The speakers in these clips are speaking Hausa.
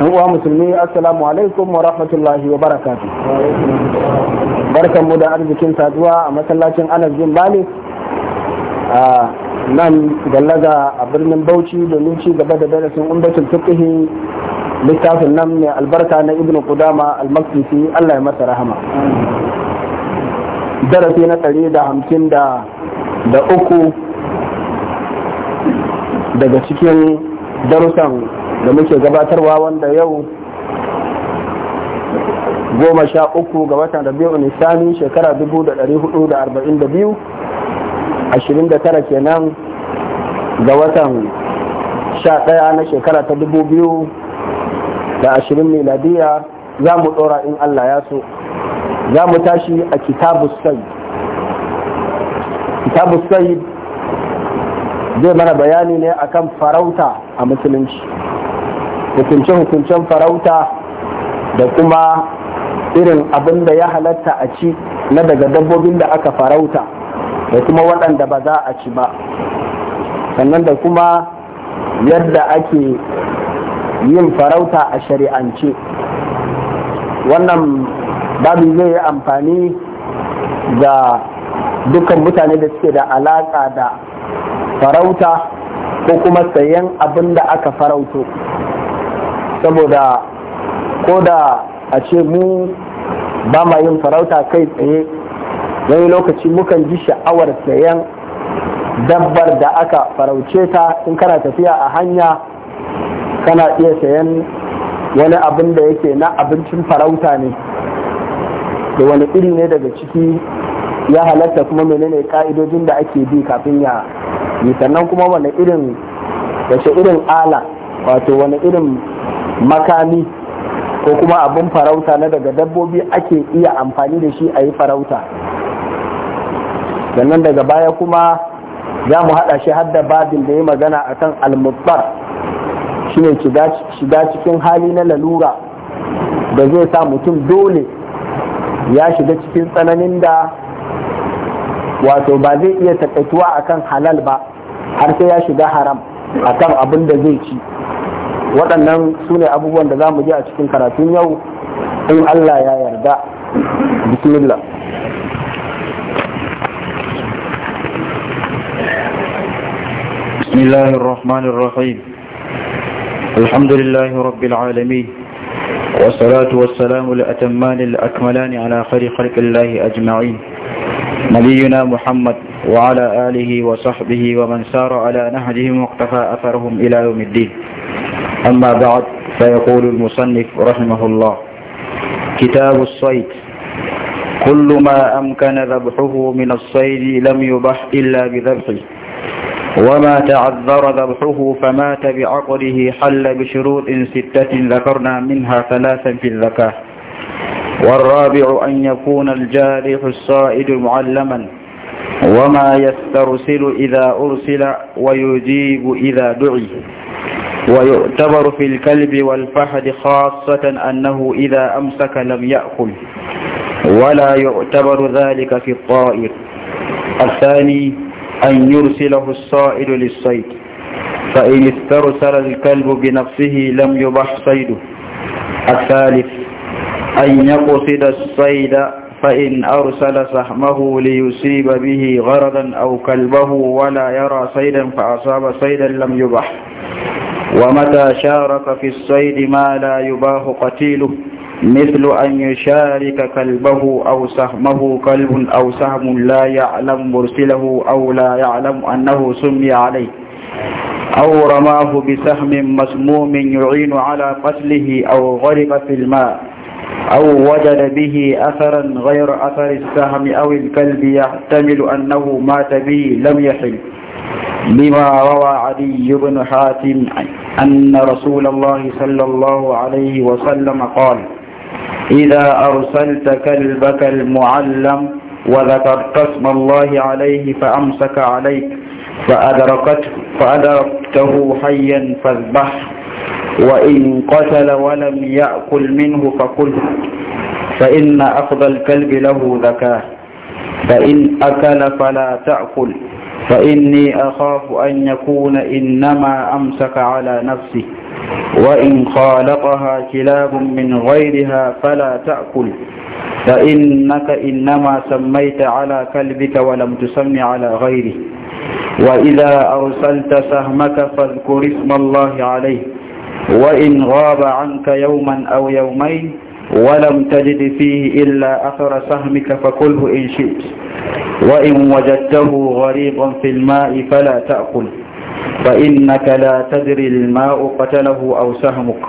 an uwa musulmi assalamu alaikum wa rahmatullahi wa barakatu barkanmu da arzikin saduwa a masallacin anas bin bali a nan gallaga a birnin bauchi domin ci gaba da darasin umbatul fiqhi littafin nan mai albarka na ibnu Kudama al-maqdisi Allah ya masa rahama darasi na ɗari da hamsin da uku daga cikin darussan da muke gabatarwa wanda yau goma sha uku ga watan rabi'u nisani shekara 1442 29 kenan ga watan sha ɗaya na shekara ta dubu biyu da ashirin miladiya za mu ɗora in Allah ya so za mu tashi a kitabu sai kitabu sai zai mana bayani ne akan farauta a musulunci hukunce-hukuncen farauta da kuma irin abin da ya halatta a ci na daga dabbobin da aka farauta da kuma waɗanda ba za a ci ba sannan da kuma yadda ake yin farauta a shari'ance wannan babu zai yi amfani ga dukkan mutane da suke da alaƙa da farauta ko kuma sayan abin da aka farauto saboda ko da a ce mu ba ma yin farauta kai tsaye wani lokaci mukan ji sha'awar sayan dabbar da aka farauce ta in kana tafiya a hanya kana iya sayan wani abin da yake na abincin farauta ne da wani iri ne daga ciki ya halatta kuma menene ka'idojin da ake bi kafin ya yi sannan kuma wani irin wace irin ala wato wani irin makami ko kuma abin farauta na daga dabbobi ake iya amfani da shi a yi farauta sannan daga baya kuma za mu haɗa shi hadda babin da ya magana a kan almubbar shi ne shiga cikin hali na lalura da zai sa mutum dole ya shiga cikin tsananin da wato ba zai iya a kan halal ba har sai ya shiga haram a kan abin da zai ci waɗannan su ne abubuwan da za mu ji a cikin karatun yau in Allah ya yarda bismillah بسم الله الرحمن الرحيم الحمد لله رب العالمين والصلاة والسلام الأتمان الأكملان على خير خلق الله أجمعين نبينا محمد وعلى آله وصحبه ومن سار على نهجهم واقتفى أثرهم إلى يوم الدين أما بعد فيقول المصنف رحمه الله كتاب الصيد كل ما أمكن ذبحه من الصيد لم يبح إلا بذبحه وما تعذر ذبحه فمات بعقله حل بشروط ستة ذكرنا منها ثلاثا في الذكاء والرابع أن يكون الجارح الصائد معلما وما يسترسل إذا أرسل ويجيب إذا دعي ويعتبر في الكلب والفحد خاصة أنه إذا أمسك لم يأكل ولا يعتبر ذلك في الطائر الثاني أن يرسله الصائد للصيد فإن استرسل الكلب بنفسه لم يبح صيده الثالث أن يقصد الصيد فإن أرسل سهمه ليصيب به غرضا أو كلبه ولا يرى صيدا فأصاب صيدا لم يبح ومتى شارك في الصيد ما لا يباه قتيله مثل أن يشارك كلبه أو سهمه كلب أو سهم لا يعلم مرسله أو لا يعلم أنه سمي عليه أو رماه بسهم مسموم يعين على قتله أو غرق في الماء أو وجد به أثرا غير أثر السهم أو الكلب يحتمل أنه مات به لم يحل بما روى علي بن حاتم أن رسول الله صلى الله عليه وسلم قال إذا أرسلت كلبك المعلم وذكرت اسم الله عليه فأمسك عليك فأدركته, فأدركته حيا فاذبحه وإن قتل ولم يأكل منه فكله فإن أخذ الكلب له ذكاه فإن أكل فلا تأكل فإني أخاف أن يكون إنما أمسك على نفسه وإن خالقها كلاب من غيرها فلا تأكل فإنك إنما سميت على كلبك ولم تسم على غيره وإذا أرسلت سهمك فاذكر اسم الله عليه وإن غاب عنك يوما أو يومين ولم تجد فيه إلا أثر سهمك فكله إن شئت وإن وجدته غريبا في الماء فلا تأكل فإنك لا تدري الماء قتله أو سهمك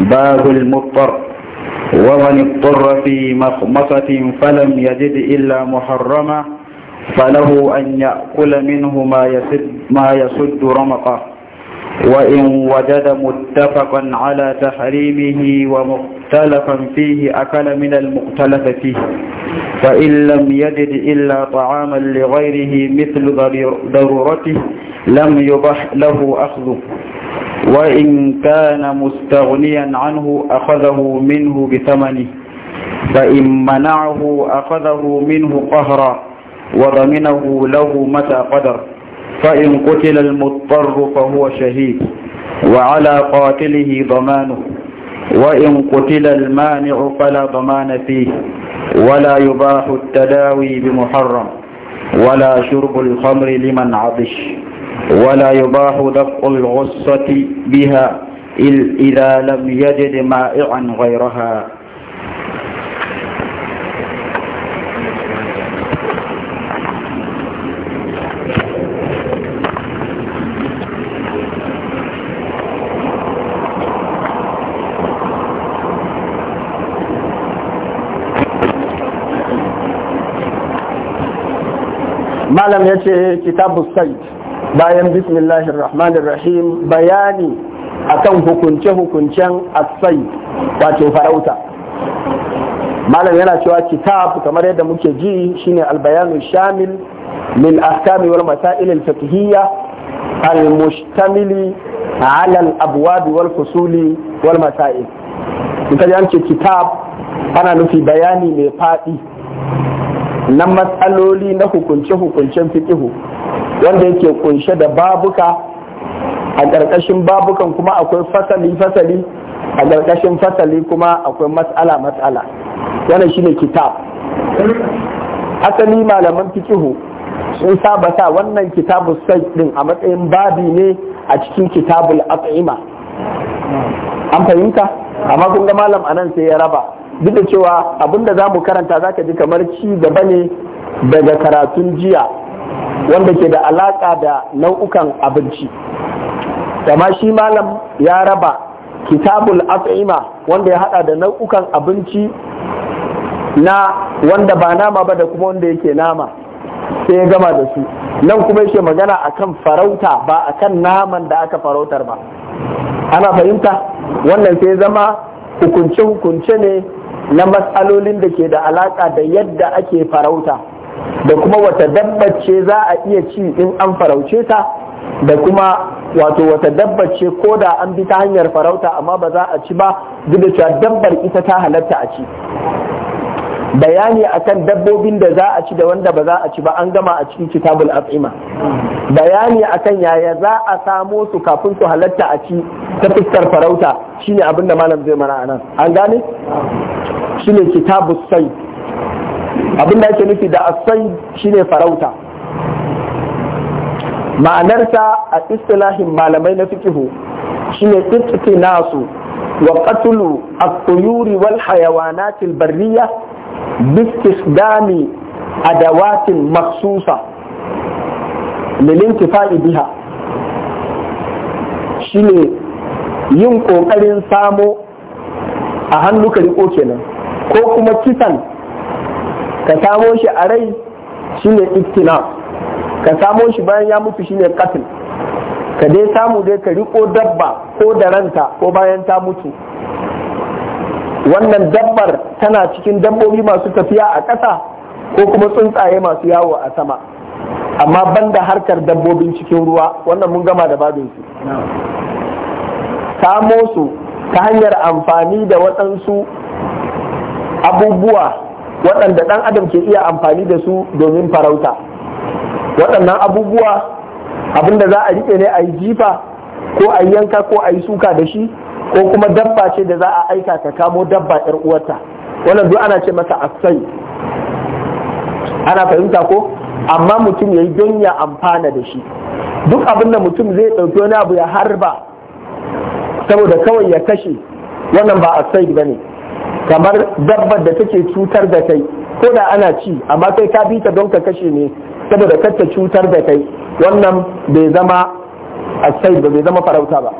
باب المضطر ومن اضطر في مخمصة فلم يجد إلا محرما فله أن يأكل منه ما يسد, ما يسد رمقه وإن وجد متفقا على تحريمه ومختلفا فيه أكل من المختلف فيه فإن لم يجد إلا طعاما لغيره مثل ضرورته لم يبح له أخذه وإن كان مستغنيا عنه أخذه منه بثمنه فإن منعه أخذه منه قهرا وضمنه له متى قدر فإن قتل المضطر فهو شهيد وعلى قاتله ضمانه وإن قتل المانع فلا ضمان فيه ولا يباح التداوي بمحرم ولا شرب الخمر لمن عطش ولا يباح دفع الغصة بها إذا لم يجد مائعا غيرها malam ya ce kitabu sai bayan bismillahir rahmanir rahim bayani akan hukunce-hukuncen asai wato farauta malam yana cewa kitab kamar yadda muke ji shine albayanu shamil min ahkami wal masail al fiqhiyya al mushtamili ala al abwab wal fusuli wal masail ce kitab ana nufi bayani mai fadi na matsaloli na hukunce-hukuncen fiƙihu, wanda yake kunshe da babuka a ƙarƙashin babukan kuma akwai fasali-fasali a ƙarƙashin fasali kuma akwai matsala-matsala wannan shine kitab asali malaman fiƙihu sun saba sa wannan kitabu sai din a matsayin babi ne a cikin kitabul at'ima an fahimta amma kun ga malam anan sai ya raba duk da cewa abinda za mu karanta za ka ji kamar ci gaba ne daga karatun jiya wanda ke da alaƙa da nau'ukan abinci kama shi malam ya raba kitabul afima wanda ya hada da nau'ukan abinci na wanda ba nama ba da kuma wanda yake nama sai ya gama da su nan kuma yake magana akan farauta ba akan naman da aka farautar ba ana fahimta wannan sai zama hukunce-hukunce ne na matsalolin da ke da alaƙa da yadda ake farauta da kuma wata dabbace za a iya ci in an farauce ta da kuma wato wata dabbace ko da an bi ta hanyar farauta amma ba za a ci ba duk da cewa dabbar ita ta halatta a ci bayani akan dabbobin da za a ci da wanda ba za a ci ba an gama a cikin kitabul af'ima bayani akan yaya za a samo su kafin su halatta a ci ta fuskar farauta shine abin da malam zai mana anan an gane shine kitabu sai abinda yake nufi da asai shine farauta Ma'anarta a istilahin malamai na fikihu shine tsitsi nasu wa qatlu at-tuyuri wal hayawanat al-barriya bi istisdami dawatin makhsusa lil biha shine yin ƙoƙarin samo a hannu kariko kenan ko kuma kisan ka samo shi a rai shine iftina ka samo shi bayan ya mutu shine katil ka dai samu dai ka riko dabba ko da ranta ko bayan ta mutu wannan dabbar tana cikin dabbobi masu tafiya a ƙasa ko kuma tsuntsaye masu yawo a sama amma banda harkar dabbobin cikin ruwa wannan mun gama da babinsu samo su ta hanyar amfani da waɗansu abubuwa waɗanda ɗan adam ke iya amfani da su domin farauta waɗannan abubuwa abinda za a riƙe ne a yi jifa ko a yi yanka ko a yi suka da shi ko kuma dabba ce da za a aika ta kamo dabba yar uwarta wannan duk ana ce masa asai ana fahimta ko amma mutum ya yi don ya amfana da shi duk abin da mutum zai ɗauki wani abu ya harba saboda kawai ya kashe wannan ba asai ba ne kamar dabbar da take cutar da kai ko da ana ci amma kai ka bi ta don ka kashe ne saboda kar cutar da kai wannan bai zama a sai ba bai zama farauta ba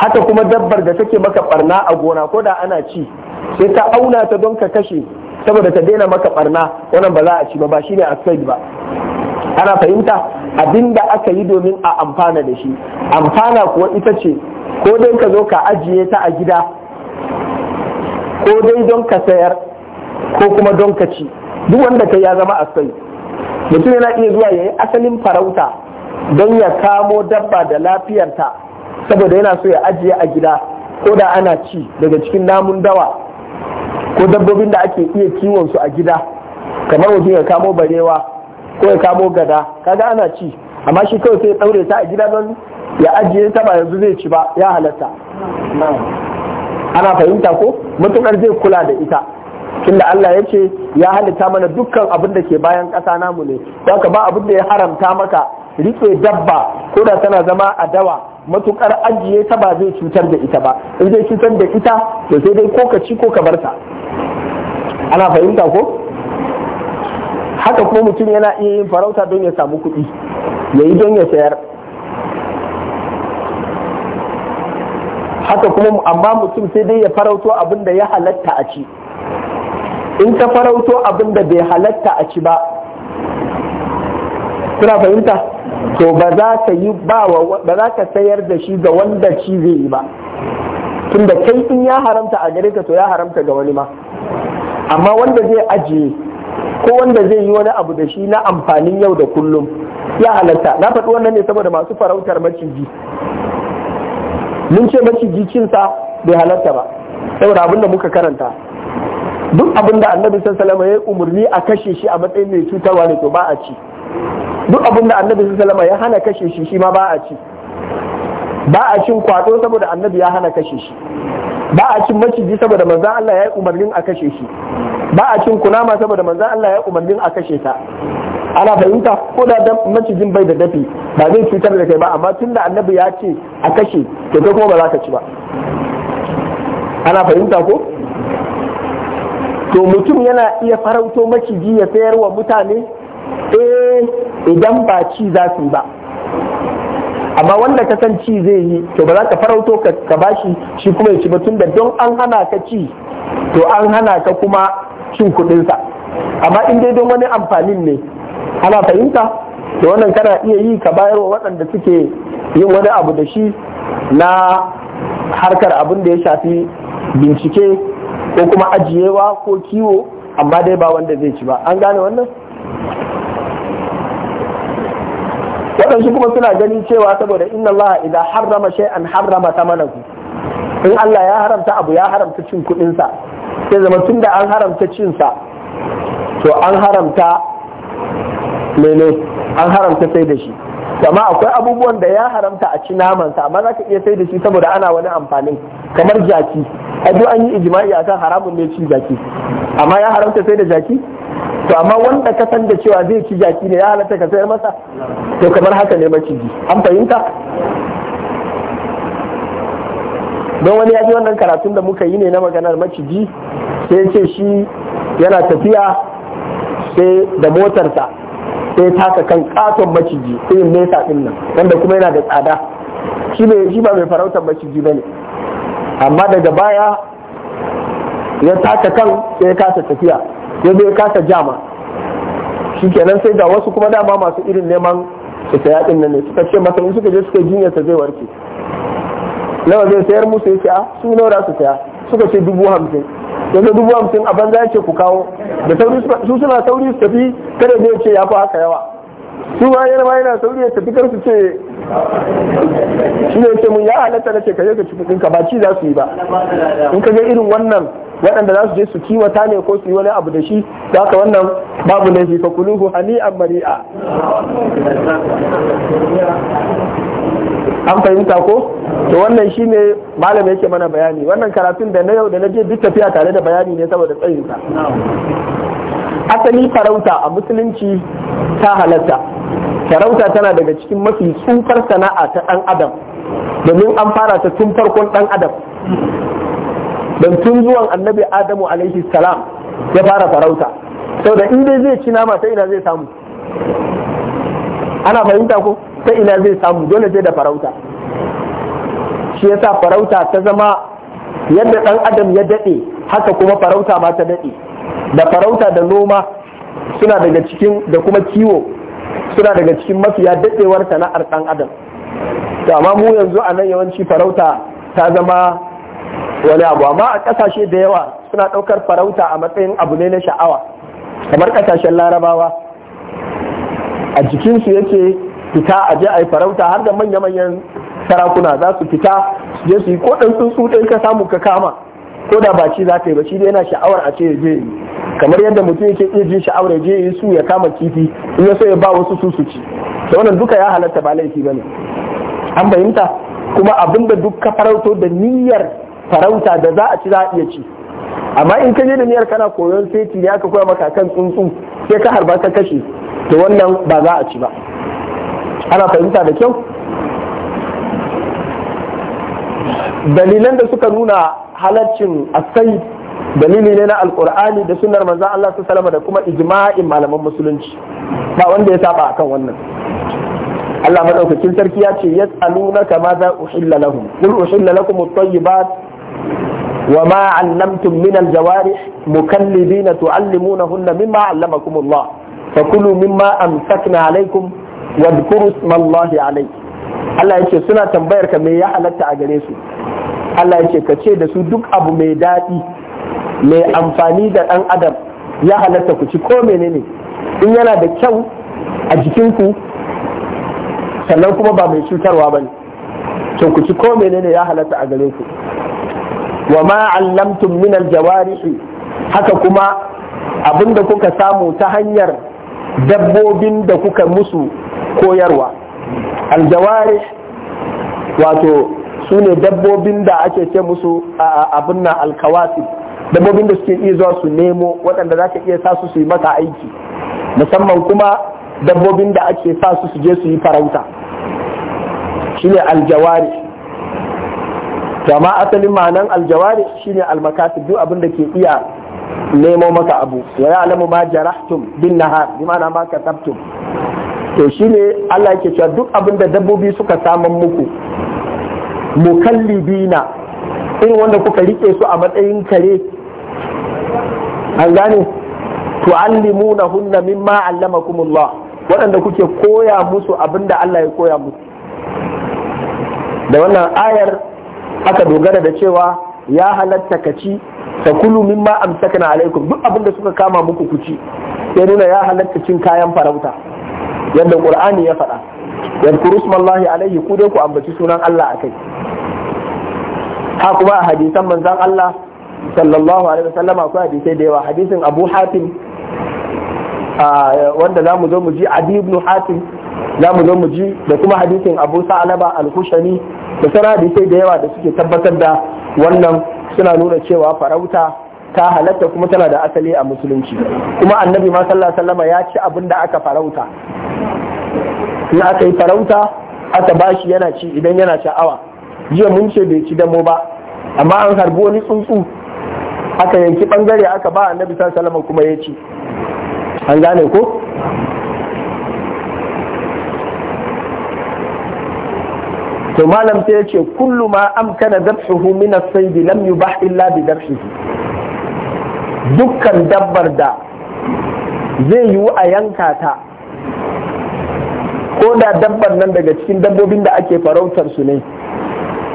haka kuma dabbar da take maka barna a gona ko da ana ci sai ta auna ta don ka kashe saboda ta daina maka barna wannan ba za a ci ba ba shine a sai ba ana fahimta abinda aka yi domin a amfana da shi amfana kuwa ita ce ko dai ka zo ka ajiye ta a gida ko dai don ka sayar ko kuma don ka ci duk wanda kai ya zama asali mutum yana iya zuwa ya yi asalin farauta don ya kamo dabba da lafiyarta saboda yana so ya ajiye a gida ko da ana ci daga cikin namun dawa ko dabbobin da ake iya kiwon su a gida kamar mutum ya kamo barewa ko ya kamo gada kaga ana ci amma shi kawai sai ya daure ta a gida don ya ajiye ta ba yanzu zai ci ba ya halatta ana fahimta ko matuƙar zai kula da ita tunda Allah ya ce ya halitta mana dukkan abin da ke bayan ƙasa namu ne ka ba abin da ya haramta maka rike dabba ko da tana zama a dawa matukar ajiye ta ba zai cutar da ita ba in zai cutar da ita to sai dai ko ka ci ko ka bar ta ana fahimta ko haka kuma mutum yana iya yin farauta don ya samu kuɗi ya yi don ya sayar haka kuma amma mutum sai dai ya farauto abin da ya halatta a ci in ka farauto abin da bai halatta a ci ba kuna fahimta to ba za ka yi ba za ka sayar da shi ga wanda ci zai yi ba tunda kai in ya haramta a gare ka to ya haramta ga wani ma amma wanda zai ajiye ko wanda zai yi wani abu da shi na amfanin yau da kullum ya halatta na faɗi wannan ne saboda masu farautar maciji mun ce maciji cinsa bai halarta ba saboda abin da muka karanta duk abin da annabi salama ya umarni a kashe shi a matsayin mai cutarwa ne to ba a ci duk abin da annabi salama ya hana kashe shi shi ma ba a ci ba a cin kwado saboda annabi ya hana kashe shi ba a cin maciji saboda manzan Allah ya yi umarnin a kashe shi ba a cin kunama saboda manzan Allah ya yi umarnin a kashe ta ana fahimta ko da macijin bai da dafi ba zai cutar da kai ba amma tunda annabi ya ce a kashe to kai kuma ba za ka ci ba ana fahimta ko to mutum yana iya farauto maciji ya sayar wa mutane eh idan ba ci za su ba amma wanda ka san ci zai yi to ba za ka farauto ka bashi shi kuma ya ci ba tun da don an hana ka ci to an hana ka kuma cin kuɗinsa amma in dai don wani amfanin ne ana fahimta da wannan kana iya yi ka bayar wa waɗanda suke yin wani abu da shi na harkar abin da ya shafi bincike ko kuma ajiyewa ko kiwo amma dai ba wanda zai ci ba an gane wannan waɗansu kuma suna gani cewa saboda inna Allah idan harrama shay'an harrama tamanahu in Allah ya haramta abu ya haramta cin kuɗinsa sai zama tun da an haramta cinsa to an haramta Mene an haramta sai da shi amma akwai abubuwan da ya haramta a ci namansa amma za ka iya sai da shi saboda ana wani amfanin kamar jaki duk an yi ijma'i akan haramun ne ci jaki amma ya haramta sai da jaki to amma wanda ka san da cewa zai ci jaki ne ya halatta ka sayar masa to kamar haka ne maciji an fahimta don wani ya ji wannan karatun da muka yi ne na maganar maciji sai ya ce shi yana tafiya sai da motarsa sai taka kan katon maciji irin nesa din nan wanda kuma yana da tsada shi ba mai farautar maciji ba ne amma daga baya ya taka kan sai ya kasa tafiya ya ya kasa jama shi kenan sai ga wasu kuma dama masu irin neman su saya din nan ne suka ce masa in suka je suka ta zai warke nawa zai sayar musu ya ce a ah, su nawa su saya suka ce dubu hamsin yanzu dubu hamsin a banza yake ku kawo da sauri su suna sauri su tafi kada ne ce ya fi haka yawa su ma yana ma yana sauri ya tafi kar su ce shi ne ce mun ya halatta na ce kaje ka ci kudin ba ci za su yi ba in ka ga irin wannan waɗanda za su je su kiwata ne ko su yi wani abu da shi za ka wannan babu laifi fa kuluhu hani mari'a an fahimta ko to wannan shine malam yake mana bayani wannan karatun da na yau da na je duk tafiya tare da bayani ne saboda tsayinsa asali farauta a musulunci ta halatta farauta tana daga cikin mafi tsufar sana'a ta dan adam domin an fara ta tun farkon dan adam don tun zuwan annabi adamu alaihi salam ya fara farauta sau da dai zai ci nama ta ina zai samu ana fahimta ko ta ina zai samu dole sai da farauta shi yasa farauta ta zama yadda ɗan adam ya daɗe haka kuma farauta ma ta daɗe da farauta da noma suna daga cikin da kuma kiwo suna daga cikin mafiya daɗewar sana'ar ɗan adam to amma mu yanzu a nan yawanci farauta ta zama wani abu amma a ƙasashe da yawa suna ɗaukar farauta a matsayin abu ne na sha'awa kamar ƙasashen larabawa a jikinsu yake fita a je a yi farauta har da manya-manyan sarakuna za su fita su je su yi ko ɗan tsuntsu ɗin ka samu ka kama ko da ba ci za ka yi ba shi dai yana sha'awar a ce je yi kamar yadda mutum yake iya jin sha'awar ya je yi su ya kama kifi in ya so ya ba wasu su su ci to wannan duka ya halatta ba laifi ba ne an fahimta kuma abin da duk ka farauto da niyyar farauta da za a ci za a iya ci amma in ka je da niyyar kana koyon seti ne aka koya maka kan tsuntsu sai ka harba ka kashe to wannan ba za a ci ba ana fahimta da kyau dalilan da suka nuna halaccin asai dalili ne na alkur'ani da sunar manzan Allah su salama da kuma ijma'in malaman musulunci ba wanda ya saba akan wannan Allah madaukakin sarki ya ce yas'alunaka ma za uhilla lahum qul uhilla lakum at-tayyibat wa ma 'allamtum min al-jawarih mukallibina tu'allimunahunna mimma 'allamakum fakulu mimma amsakna alaikum wa dhkuru ismallahi alai Allah ce suna tambayar ka me ya halatta a gare su Allah ce ka ce da su duk abu mai daɗi mai amfani da ɗan adam ya halatta ku ci ko menene in yana da kyau a jikinku sannan kuma ba mai cutarwa ba ne to ku ci ko menene ya halatta a gare ku wa ma allamtum min aljawarihi haka kuma abinda kuka samu ta hanyar dabbobin da kuka musu koyarwa aljawari wato su ne dabbobin da ake ce musu abin na alkawasi dabbobin da suke iya zuwa su nemo waɗanda za ka iya sa su su yi mata aiki musamman kuma dabbobin da ake sa su su je su yi farauta shine aljawari jama'a asalin ma'anan aljawari shine almakasi duk abin da ke iya nemo maka abu wa alamu ma jarahtum bin nahar bi ma'ana ma kasabtum to shine Allah yake cewa duk abin da dabbobi suka saman muku mukallibina irin wanda kuka rike su a matsayin kare an gane tu'allimuna hunna mimma allamakumullah waɗanda kuke koya musu abin da Allah ya koya musu da wannan ayar aka dogara da cewa ya halatta ka ci ta kulu mimma amsakna alaikum duk abin da suka kama muku ku ci sai nuna ya halatta cin kayan farauta yadda qur'ani ya faɗa yadkuru smallahi alaihi ku dai ku ambaci sunan Allah akai ha kuma a hadisan manzan Allah sallallahu alaihi wasallam akwai hadisai da yawa hadisin Abu Hatim wanda za mu zo mu ji Adi ibn Hatim za mu zo mu ji da kuma hadisin Abu Sa'alaba al-Kushani da sana hadisai da yawa da suke tabbatar da wannan suna nuna cewa farauta ta halatta kuma tana da asali a musulunci kuma annabi ma sallallahu alaihi ya ci abin da aka farauta in aka yi farauta aka bashi yana ci idan yana sha'awa jiya mun ce bai ci damo ba amma an harbi wani tsuntsu aka yanki bangare aka ba annabi sallallahu alaihi kuma ya ci an gane ko to malam sai yace kullu ma amkana dabhuhu min as-sayd lam yubah illa bi dabhihi dukkan dabbar da zai yiwu a yanka ta ko da dabbar nan daga cikin dabbobin da ake farautar su ne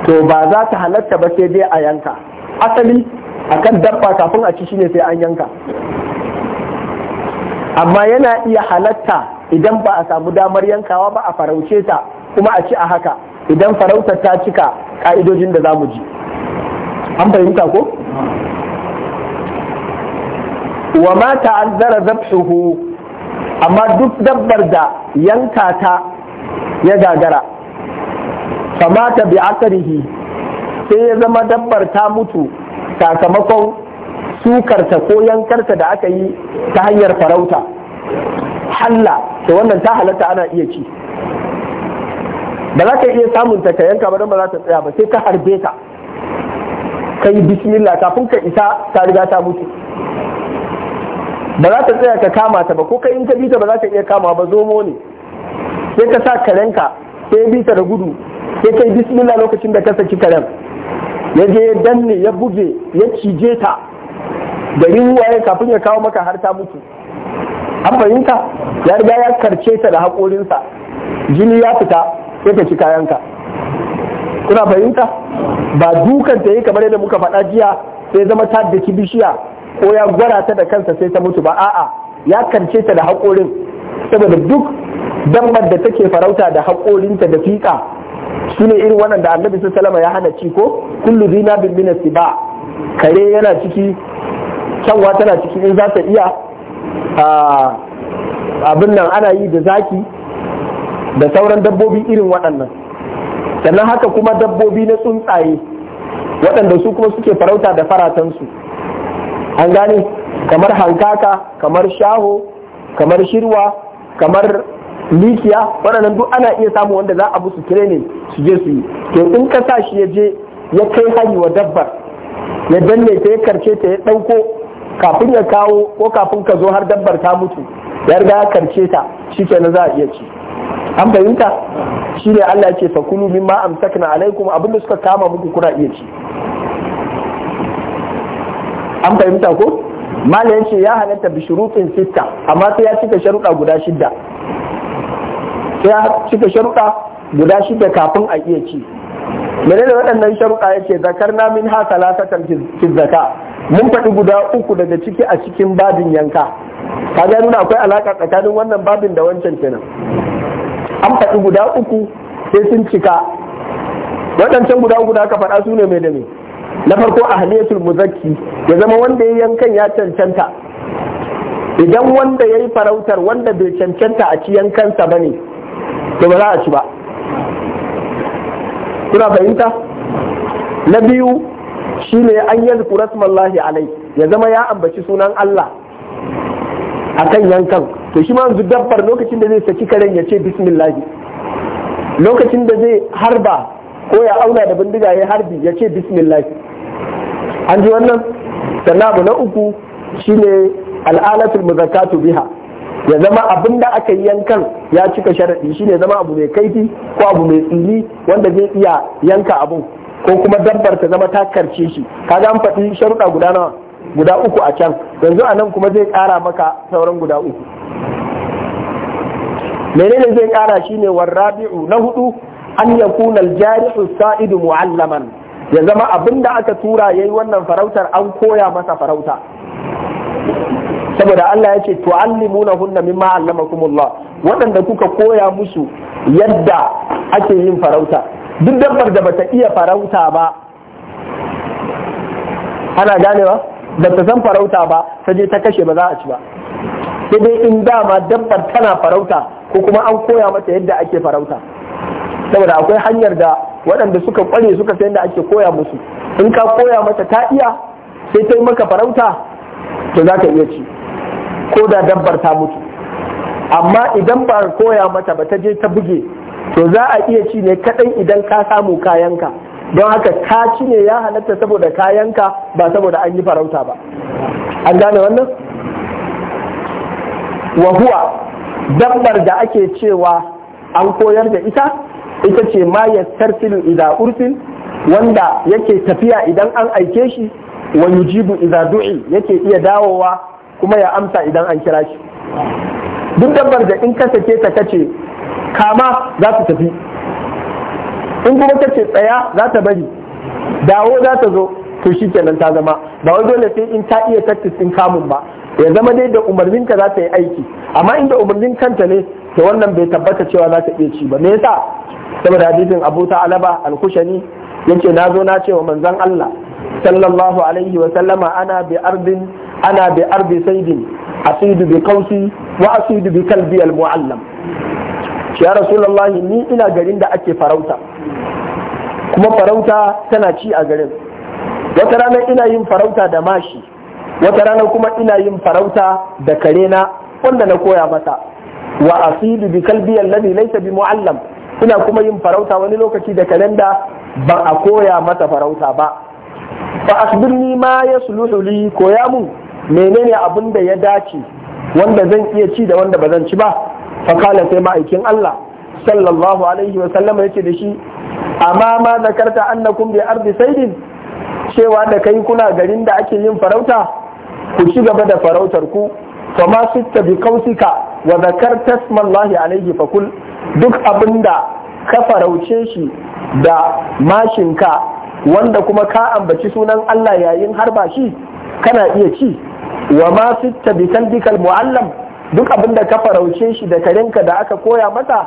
to ba za ta halatta ba sai dai a yanka asali akan dabba kafin a ci shine sai an yanka amma yana iya halatta idan ba a samu damar yankawa ba a farauce ta kuma a ci a haka idan farautar ta cika ka'idojin da za mu ji an fahimta ko wa ma ta'azzara zabhuhu amma duk dabbar da yanka ta ya gagara famata bi akarihi sai ya zama dabbar ta mutu sakamakon sukarta ko yankarta da aka yi ta hanyar farauta halla to wannan ta halatta ana iya ci ba za ka iya samun ta ka yanka ba don ba za ta tsaya ba sai ka harbe ta ka yi bismillah kafin ka isa ta riga ta mutu ba za ta tsaya ka kama ta ba ko ka in ka bita ba za ta iya kama ba zomo ne sai ka sa karenka sai bita da gudu sai ka yi bismillah lokacin da ka saki karen ya je ya danne ya buge ya cije ta da waye kafin ya kawo maka har ta mutu an fahimta ya riga ya karce ta da haƙorinsa jini ya fita yake ka ci kayanka kuna fahimta ba dukan ta yi kamar yadda muka faɗa jiya sai zama ta daki bishiya ko ya gwara ta da kansa sai ta mutu ba a'a ya kance ta da haƙorin saboda duk dabbar da take farauta da haƙorinta da fiƙa su ne irin wannan da annabi salama ya hana ci ko kullu zina bin min ba kare yana ciki kyanwa tana ciki in za ta iya ah, abin nan ana yi da zaki da sauran dabbobi irin waɗannan sannan haka kuma dabbobi na tsuntsaye waɗanda su kuma suke farauta da faratansu an gane kamar hankaka kamar shaho kamar shirwa kamar likiya waɗannan duk ana iya samu wanda za a musu training su je su yi to in ka sa shi ya je ya kai hari wa dabbar ya danne ta ya karce ta ya ɗauko kafin ya kawo ko kafin ka zo har dabbar ta mutu ya riga ya karce ta na za a iya ci an fahimta shi ne Allah ce fakulu ma'am amsakna alaikum abinda suka kama muku kuna iya ci an fahimta ko malayan ce ya halatta bi shurufin sitta amma sai ya cika sharuɗa guda shidda sai ya cika sharuɗa guda shidda kafin a iya ci menene waɗannan sharuɗa yake zakarna min ha salasatan fi zakka mun faɗi guda uku daga ciki a cikin babin yanka ka ga nuna akwai alaka tsakanin wannan babin da wancan kenan an faɗi guda uku sai sun cika waɗancan guda uku da aka faɗa su ne mai da na farko a halittar muzakki ya zama wanda ya yankan ya cancanta idan wanda ya yi farautar wanda bai cancanta a ci yankansa ba ne to ba za a ci ba kuna fahimta na biyu ne an yanzu kurasmallahi alai ya zama ya ambaci sunan Allah a kan yankan to shi ma yanzu dabbar lokacin da zai saki karen ya ce bismillah lokacin da zai harba ko ya auna da bindiga ya harbi ya ce bismillah an ji wannan sannan abu na uku shine al'alatul muzakkatu biha ya zama abin da aka yi yankan ya cika sharaɗi shine zama abu mai kaifi ko abu mai tsini wanda zai iya yanka abun ko kuma dabbar ta zama ta karce shi kaga an faɗi sharuɗa guda nawa guda uku a can yanzu a nan kuma zai ƙara maka sauran guda uku menene zai ƙara shine Rabi'u na hudu an yakuna al-jari'u sa'idu mu'allaman ya zama abinda aka tura yayi wannan farautar an koya masa farauta saboda Allah ya ce tu'allimuna hunna mimma allamakumullah waɗanda kuka koya musu yadda ake yin farauta duk dabbar da bata iya farauta ba ana ganewa ba ta san farauta ba ta je ta kashe ba za a ci ba sai dai in dama dabbar tana farauta ko kuma an koya mata yadda ake farauta saboda akwai hanyar da waɗanda suka kware suka san da ake koya musu in ka koya mata ta iya sai ta yi maka farauta to za ka iya ci ko da dabbar ta mutu amma idan ba koya mata ba ta je ta buge to za a iya ci ne kaɗai idan ka samu kayanka don haka ka ci ne ya halatta saboda kayanka ba saboda an yi farauta ba an gane wannan wa huwa dabbar da ake cewa an koyar da ita ita ce ma yastarsilu idza wanda yake tafiya idan an aike shi Wani jibu idza du'i yake iya dawowa kuma ya amsa idan an kira shi duk dabbar da in ka sake ta kace kama za su tafi in kuma ta ce tsaya za ta bari dawo za ta zo to shi kenan ta zama ba wai dole sai in ta iya tattis din kamun ba ya zama dai da umarnin ka za ta yi aiki amma inda umarnin kanta ne to wannan bai tabbata cewa za ta iya ci ba me yasa saboda hadisin Abu Ta'alaba al-Kushani yace na zo na ce wa manzon Allah sallallahu alaihi wa sallama ana bi ardin ana bi ardi saidin asidu bi kausi wa asidu bi kalbi al ya rasulullahi ni ina garin da ake farauta kuma farauta tana ci a garin wata rana ina yin farauta da mashi wata rana kuma ina yin farauta da kare na wanda na koya mata wa asidu bi kalbiyan ladi laisa bi muallam ina kuma yin farauta wani lokaci da kalenda ba a koya mata farauta ba fa asbirni ma yasluhu li koya mun menene abin da ya dace wanda zan iya ci da wanda bazan ci ba fa kala sai ma'aikin Allah sallallahu alaihi wa sallama yace da shi amma ma zakarta annakum bi ardi saidin cewa da kai kuna garin da ake yin farauta ku ci gaba da farautar ku fa ma sitta bi qausika wa zakarta smallahi alaihi fa kul duk abinda ka farauce shi da mashinka wanda kuma ka ambaci sunan Allah yayin harba shi kana iya ci wa ma sitta bi kalbikal muallam duk abinda ka farauce shi da karenka da aka koya mata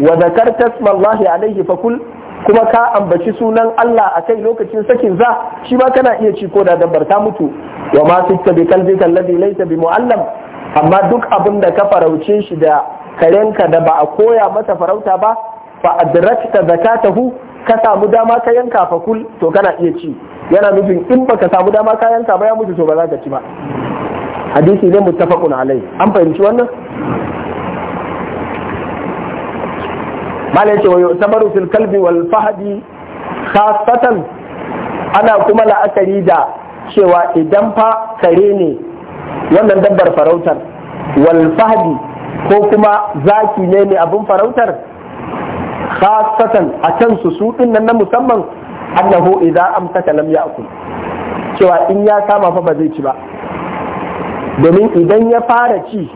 wa zakarta tasmallahi alaihi fakul kuma ka ambaci sunan Allah a kai lokacin sakin za shi ma kana iya ci ko da dabbar ta mutu wa ma ta bi kalbi alladhi laysa bi muallam amma duk abin da ka farauce shi da karenka da ba a koya mata farauta ba fa adrakta zakatahu ka samu dama ka yanka fa kul to kana iya ci yana nufin in baka samu dama ka yanka ba ya mutu to ba za ka ci ba hadisi ne muttafaqun alai an fahimci wannan mala yace wayo tabaru fil kalbi wal fahdi khasatan ana kuma la'akari da cewa idan fa kare ne wannan dabbar farautar wal fahdi ko kuma zaki ne ne abin farautar khasatan a can su su nan na musamman annahu idza amsaka lam ya'kul cewa in ya kama fa ba zai ci ba domin idan ya fara ci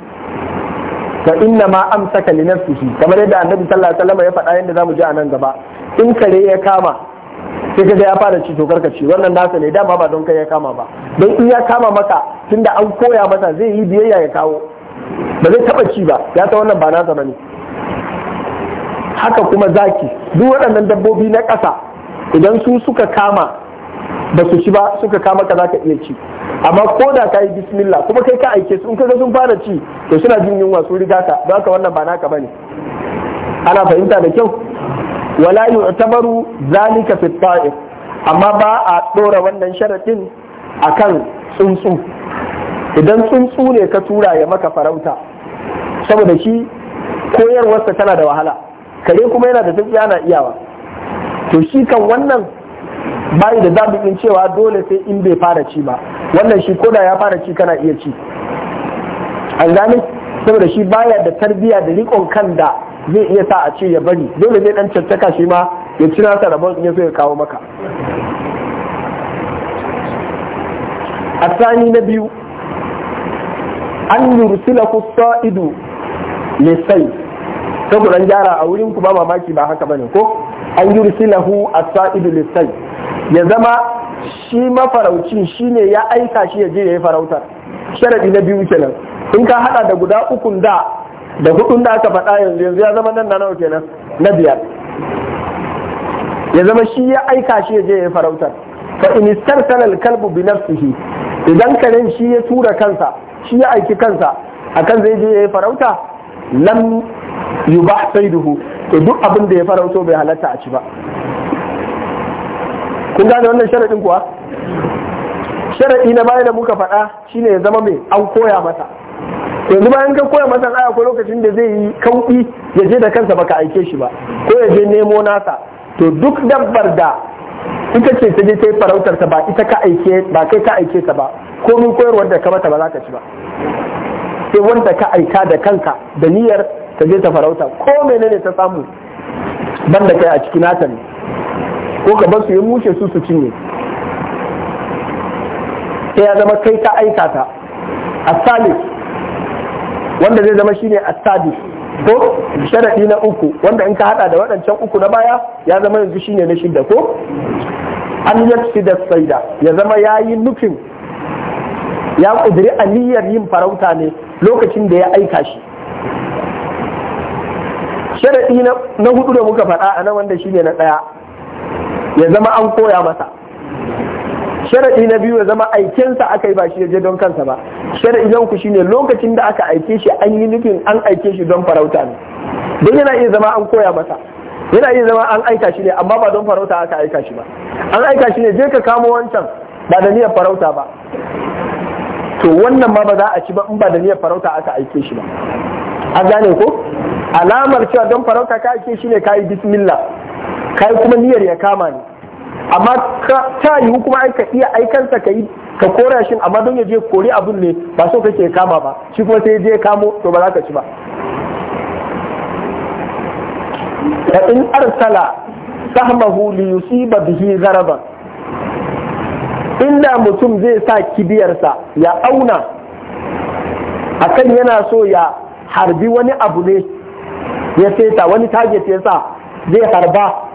fa inna ma amsaka li nafsihi kamar yadda annabi sallallahu alaihi wasallam ya faɗa yadda zamu ji a nan gaba in kare ya kama sai kaga ya fara ci to ci wannan nasa ne dama ba don kai ya kama ba don in ya kama maka tunda an koya masa zai yi biyayya ya kawo ba zai taba ci ba ya ta wannan ba nasa bane haka kuma zaki duk waɗannan dabbobi na ƙasa idan su suka kama ba su ci ba suka kama ka zaka iya ci amma ko da ka yi bismillah kuma kai ka aike su in ga sun fara ci to suna jin yunwa su riga ka ba ka wannan ba naka bane ana fahimta da kyau wala yu'tabaru zalika fi ta'if amma ba a dora wannan sharadin akan tsuntsu idan tsuntsu ne ka tura ya maka farauta saboda shi koyarwarsa tana da wahala kare kuma yana da tafiya ana iyawa to shi kan wannan bayi da in cewa dole sai in bai fara ci ba wannan shi koda ya fara ci kana iya ci an gane saboda shi baya da tarbiya da rikon kan da zai iya sa a ce ya bari dole zai dan caccaka shi ma ya ci nasa rabon in ya ya kawo maka الثاني na أن يرسله الصائد sai saboda gyara a wurin ku ba mamaki ba haka bane ko an yursilahu as-sa'idu lis-sayf ya zama shi mafarauci ne ya aika shi ya je ya yi farautar sharadi na biyu kenan in ka hada da guda ukun da da hudun da aka faɗa yanzu yanzu ya zama nan na nawa kenan na biyar ya zama shi ya aika shi ya je ya yi farautar fa in istarsala al-kalbu bi nafsihi idan karen shi ya tura kansa shi ya aiki kansa akan zai je ya yi farauta lam yubah saiduhu to duk abin da ya farauto bai halatta a ci ba kun gane wannan sharaɗin kuwa sharaɗi na bayan da muka faɗa shine ya zama mai an koya masa yanzu bayan ka koya masa aya ko lokacin da zai yi kauɗi ya je da kansa baka aike shi ba ko ya je nemo nasa to duk dabbar da ita ce ta je ta yi farautar ta ba ita ka aike ba kai ka aike ta ba min koyarwar da ka mata ba za ka ci ba sai wanda ka aika da kanka da niyyar ta je ta farauta ko menene ta samu banda kai a cikin nata ne ko ka basu su ya mushe su su cinye sai ya zama kai ka aika ta asali wanda zai zama shine asadi ko sharadi na uku wanda in ka hada da waɗancan uku na baya ya zama yanzu shine na shida ko an yafsi da saida ya zama ya yi nufin ya kudiri aniyar yin farauta ne lokacin da ya aika shi sharadi na hudu da muka faɗa a nan wanda shine na ɗaya ya zama an koya masa sharaɗi na biyu ya zama aikensa aka yi ba shi je don kansa ba sharaɗi na uku shine lokacin da aka aike shi an yi nufin an aike shi don farauta ne don yana iya zama an koya masa yana iya zama an aika shi ne amma ba don farauta aka aika shi ba an aika shi ne je ka kamo wancan ba da niyyar farauta ba to wannan ma ba za a ci ba in ba da niyyar farauta aka aike shi ba an gane ko alamar cewa don farauta ka aike shi ne ka yi bismillah kai kuma niyyar ya kama ne amma ta yiwu kuma ai ka iya aikansa ka yi ka kora shi amma don ya je kori abun ne ba so kake kama ba shi kuma sai je kamo to ba za ka ci ba fa in arsala sahmahu li yusiba bihi zaraban inda mutum zai sa kibiyarsa ya auna akan yana so ya harbi wani abu ne ya seta wani target ya sa zai harba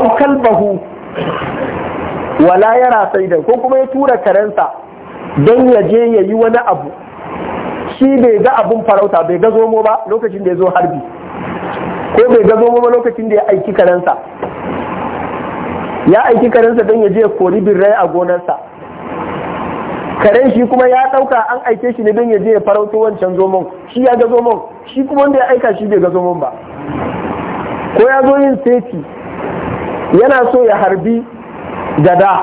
aw kalbahu wala yara sai da ko kuma ya tura karensa don ya je ya yi wani abu shi bai ga abun farauta bai ga zomo ba lokacin da ya zo harbi ko bai ga zomo ba lokacin da ya aiki karensa ya aiki karensa don ya je kori birrai a gonarsa karen shi kuma ya ɗauka an aike shi ne don ya je ya farauto wancan zomon shi ya ga zomon shi kuma wanda ya aika shi bai ga zomon ba ko ya zo yin seti yana so ya harbi gada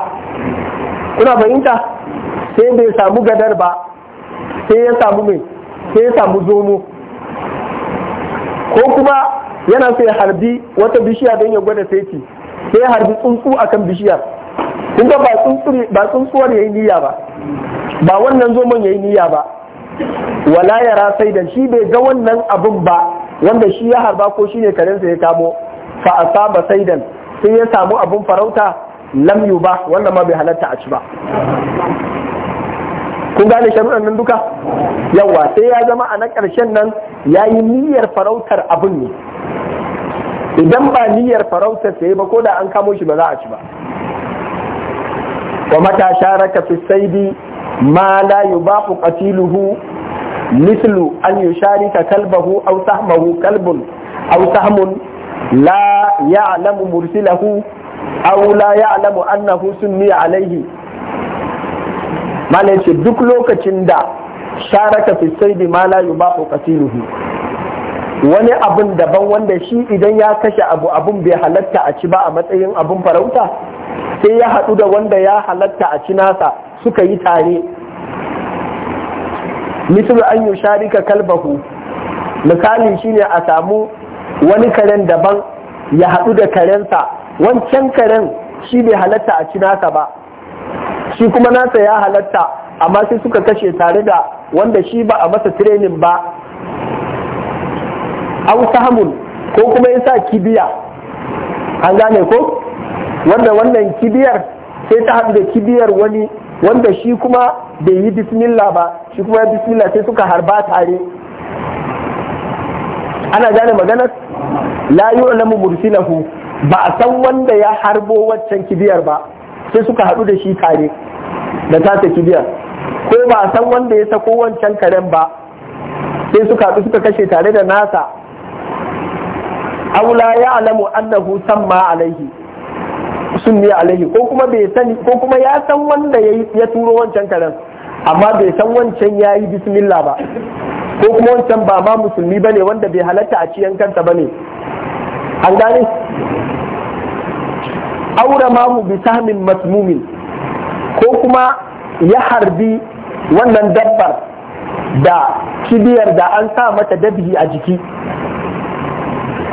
kuna fahimta sai bai samu gadar ba sai ya samu mai sai ya samu zomo ko kuma yana so ya harbi wata bishiya don ya gwada saiti sai ya harbi tsuntsu akan bishiyar Kuma ba tsuntsuwar ya yi niyya ba ba wannan zomon ya yi niyya ba wala yara sai da shi bai ga wannan abin ba wanda shi ya harba ko shi ne karensa ya kamo fa asaba saidan sai ya samu abun farauta lam ba wannan ma bai halatta a ci ba kun gane sharuɗan nan duka yawa sai ya zama a na ƙarshen nan ya yi niyyar farautar abun ne idan ba niyyar farautar sai ba ko da an kamo shi ba za a ci ba wa mata sharaka fi saidi ma la yubahu qatiluhu mislu an yusharika kalbahu aw sahmahu kalbun aw sahmun la alamu mursilahu aw la ya'lamu annahu sunniya alaihi malai ce duk lokacin da sharaka fi saidi ma la yubahu wani abun daban wanda shi idan ya kashe abu abun bai halatta a ci ba a matsayin abun farauta sai ya haɗu da wanda ya halatta a ci nasa suka yi tare misali an yi sharika kalbahu misali shine a samu wani karen daban ya haɗu da karensa wancan karen shi bai halatta a ci nasa ba shi kuma nasa ya halatta amma sai suka kashe tare da wanda shi ba a masa tirenin ba au sahamun ko kuma yasa kibiya an gane ko wanda wannan kibiyar sai ta haɗu da kibiyar wani wanda shi kuma bai yi bismillah ba shi kuma ya bismillah sai suka harba tare ana gane maganar la yu'lamu mursilahu ba a san wanda ya harbo waccan kibiyar ba sai suka haɗu da shi tare da tata kibiyar ko ba a san wanda ya sako wancan karen ba sai suka haɗu suka kashe tare da nasa aula ya alamu annahu samma alaihi sunni alaihi ko kuma bai sani ko kuma ya san wanda ya turo wancan karen amma bai san wancan ya yi bismillah ba ko kuma wancan ba ma musulmi bane wanda bai halatta a ciyan kanta bane an gane aura mamu bi sahmin masmumin ko kuma ya harbi wannan dabbar da kibiyar da an sa mata dabi a jiki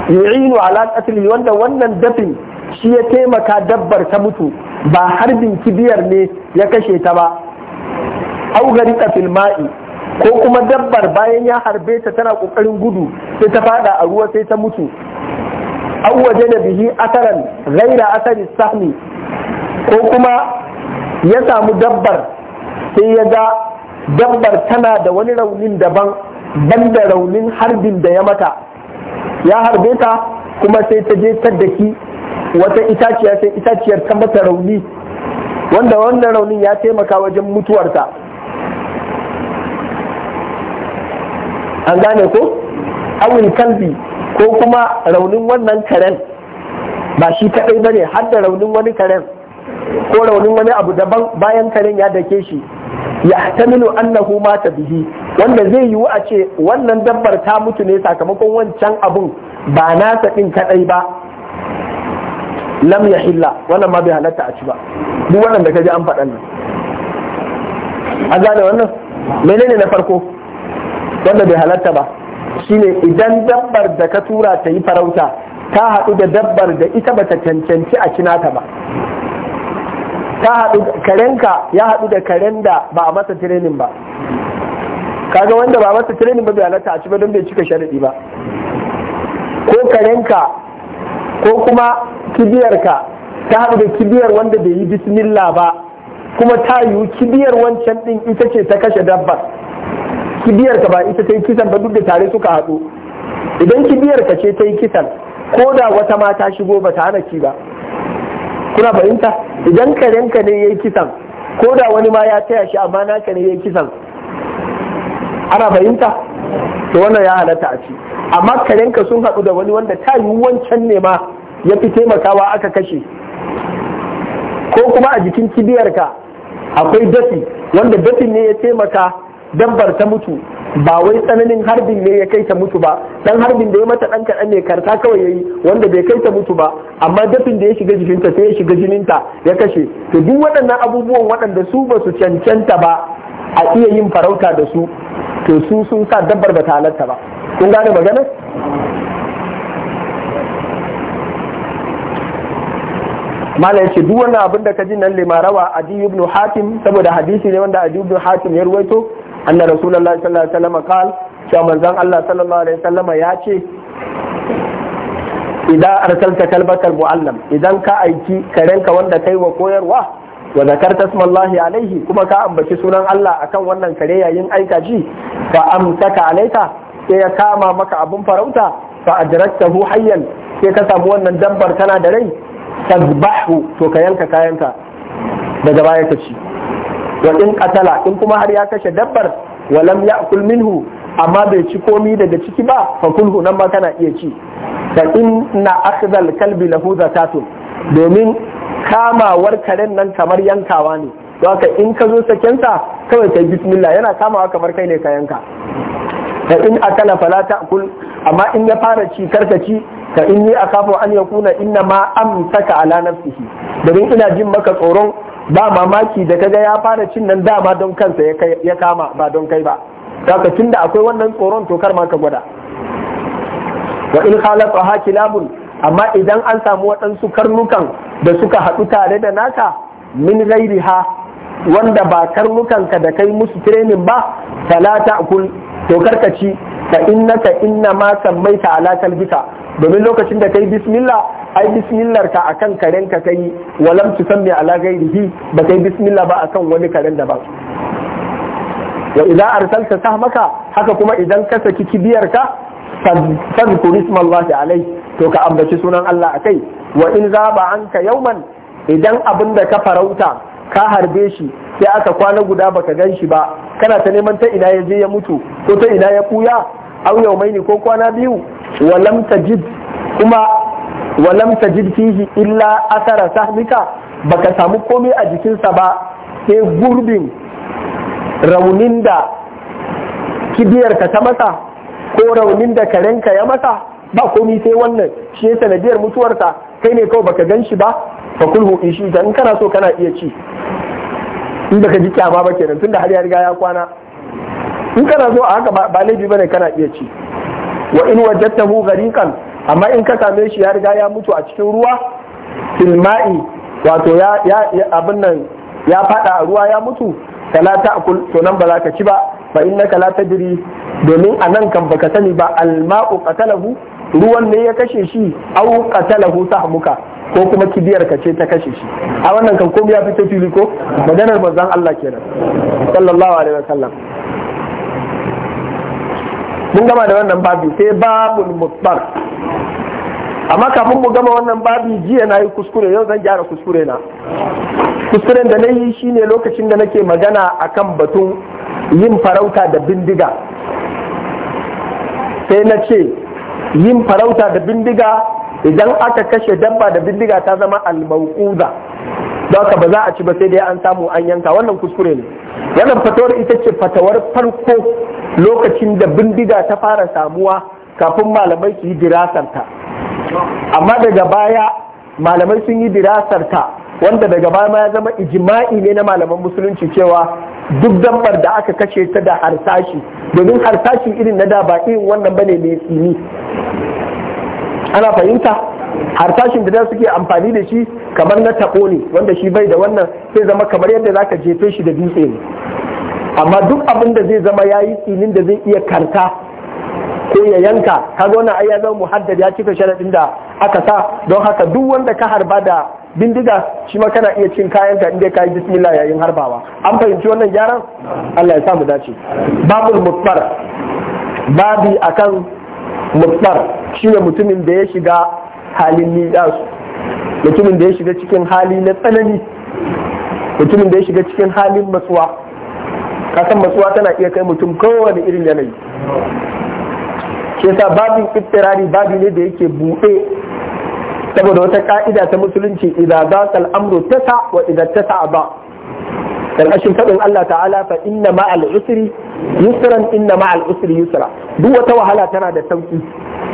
'inu ala qatli wanda wannan dafin shi ya taimaka dabbar ta mutu ba harbin kibiyar ne ya kashe ta ba au gariqa fil ma'i ko kuma dabbar bayan ya harbe ta tana kokarin gudu sai ta fada a ruwa sai ta mutu waje da bihi asaran ghaira asari sahmi ko kuma ya samu dabbar sai ya ga dabbar tana da wani raunin daban banda raunin harbin da ya mata ya harbe ta kuma sai ta je ta daki wata itaciya sai itaciyar ta mata rauni wanda wannan raunin ya taimaka wajen mutuwarta an gane ko awin kalbi ko kuma raunin wannan karen ba shi kaɗai ba ne har da raunin wani karen ko raunin wani abu daban bayan karen ya dake shi ya tamilu annahu mata bihi wanda zai yiwu a ce wannan dabbar ta mutu ne sakamakon wancan abun ba nasa ɗin kaɗai ba lam ya hilla wannan ma bai halatta a ci ba duk wannan da kaji an faɗan nan an gane wannan menene na farko wanda bai halatta ba shine idan dabbar da ka tura ta yi farauta ta haɗu da dabbar da ita ba ta cancanci a cinata ba ta haɗu karenka ya haɗu da karen da ba a masa tirenin ba kaga wanda ba a masa tirenin ba bai halatta a ci ba don bai cika sharaɗi ba ko karenka ko kuma kibiyarka ta haɗu da kibiyar wanda bai yi bismillah ba kuma ta yiwu kibiyar wancan ɗin ita ce ta kashe dabbar kibiyar ka ba ita ta yi kisan ba duk da tare suka haɗu idan kibiyar ka ce ta yi kisan ko da wata mata shigo ba ta hana ki ba kuna fahimta idan ka ne ya yi kisan ko da wani ma ya taya shi amma na ne ya yi kisan ana fahimta to wannan ya halatta a ci amma karenka sun haɗu da wani wanda ta yi wancan ne ma ya fi taimakawa aka kashe ko kuma a jikin kibiyarka akwai dafi wanda dafin ne ya taimaka dabbar ta mutu ba wai tsananin harbin ne ya kai ta mutu ba dan harbin da ya mata dan kaɗan ne karta kawai ya yi wanda bai kai ta mutu ba amma dafin da ya shiga jikinta sai ya shiga jininta ya kashe to duk waɗannan abubuwan waɗanda su ba su cancanta ba a iya yin farauta da su to su sun sa dabbar ba ta halatta ba kun gane magana mala yace duk wannan abin da ka ji nan limarawa adi ibn hatim saboda hadisi ne wanda adi ibn hatim ya ruwaito anna rasulullahi sallallahu alaihi wasallam qal cewa manzon Allah sallallahu alaihi wasallam ya ce idan arsalta idan ka aiki karenka wanda kai wa koyarwa wa zakarta smallahi alaihi kuma ka ambaci sunan Allah akan wannan kare yayin aika ji. fa amsaka alaika sai ya kama maka abun farauta fa adraktahu hayyan sai ka samu wannan dabbar tana da rai tazbahu to ka yanka kayanka daga baya ka ci wa in qatala in kuma har ya kashe dabbar walam lam ya'kul minhu amma bai ci komi daga ciki ba fa kulhu nan ma kana iya ci fa inna akhdhal kalbi lahu zakatun domin kamawar karen nan kamar yankawa ne don haka in ka zo sakensa kawai kai bismillah yana kamawa kamar kai ne ka yanka fa in akala fala ta'kul amma in ya fara ci karka ci ka inni akafu an yakuna inna ma amsaka ala nafsihi domin ina jin maka tsoron ba mamaki da kaga ya fara cin nan dama don kansa ya kama ba don kai ba haka da akwai wannan tsoron tokar kar ma ka gwada wa in khalaqaha kilabun amma idan an samu waɗansu karnukan da suka haɗu tare da naka min ha, wanda ba karnukan ka da kai musu training ba talata kul to karkaci fa innaka inna ma sammaita ala kalbika domin lokacin da kai bismillah ai bismillar ka akan karen ka kai walam tusammi ala ghairihi ba kai bismillah ba akan wani karen da ba wa idza arsalta sahmaka haka kuma idan ka saki kibiyar ka fadhkur ismallahi alai to ka ambaci sunan Allah akai wa in zaba anka yawman idan abin da ka farauta ka harbe shi sai aka kwana guda baka gan shi ba kana ta neman ta ina ya je ya mutu ko ta ina ya kuya au yaumaini ko kwana biyu walam tajid kuma wa lam tajid fihi illa athara sahmika baka samu komai a jikinsa ba sai gurbin raunin da kibiyarka ta masa ko raunin da karenka ya masa ba komai sai wannan shi ya sanadiyar mutuwarsa kai ne kawai baka ganshi ba fa kulhu ishi in kana so kana iya ci in baka ji kyama ba kenan tunda har ya riga ya kwana in kana so a haka ba laifi bane kana iya ci wa in wajadtahu ghariqan amma in ka same shi ya riga ya mutu a cikin ruwa filma'i wato ya abin nan ya fada a ruwa ya mutu Talata a to nan ba za ka ci ba fa na kalata tadri domin a nan kan baka sani ba alma'u qatalahu ruwan ne ya kashe shi au qatalahu tahmuka ko kuma kibiyar ka ce ta kashe shi a wannan kan komai ya fito fili ko maganar manzon Allah kenan sallallahu alaihi wasallam mun gama da wannan babu sai babul mutbar amma kafin mu gama wannan babi jiya na yi kuskure yau zan gyara kuskure na kuskuren da na yi shi ne lokacin da nake magana akan batun yin farauta da bindiga sai na ce yin farauta da bindiga idan aka kashe dabba da bindiga ta zama almauquza don haka ba za a ci ba sai dai an samu an yanka wannan kuskure ne wannan fatawar ita ce fatawar farko lokacin da bindiga ta fara samuwa kafin malamai su yi dirasarta amma daga baya malamai sun yi dirasarta wanda daga baya ma ya zama ijima'i ne na malaman musulunci cewa duk dabbar da aka kashe ta da harsashi domin harsashi irin na da ba irin wannan bane mai tsini ana fahimta harsashin da da suke amfani da shi kamar na taɓo ne wanda shi bai da wannan sai zama kamar yadda zaka jefe shi da dutse ne amma duk abin da zai zama ya yi tsinin da zai iya karta ko ya yanka kaga wannan ai ya zama muhaddad ya cika sharadin da aka sa don haka duk wanda ka harba da bindiga shi ma kana iya cin kayan ka inda kai bismillah yayin harbawa an fahimci wannan gyaran Allah ya sa mu dace babul mutfar babi akan mutfar shine mutumin da ya shiga halin nidas mutumin da ya shiga cikin hali na tsanani mutumin da ya shiga cikin halin matsuwa kasan matsuwa tana iya kai mutum kowane irin yanayi shi yasa babin iftirari babi ne da yake buɗe saboda wata ka'ida ta musulunci idan za ta tasa wa idan tasa ba karkashin faɗin Allah ta'ala fa inna ma'al usri yusran inna ma'al usri yusra duk wata wahala tana da sauki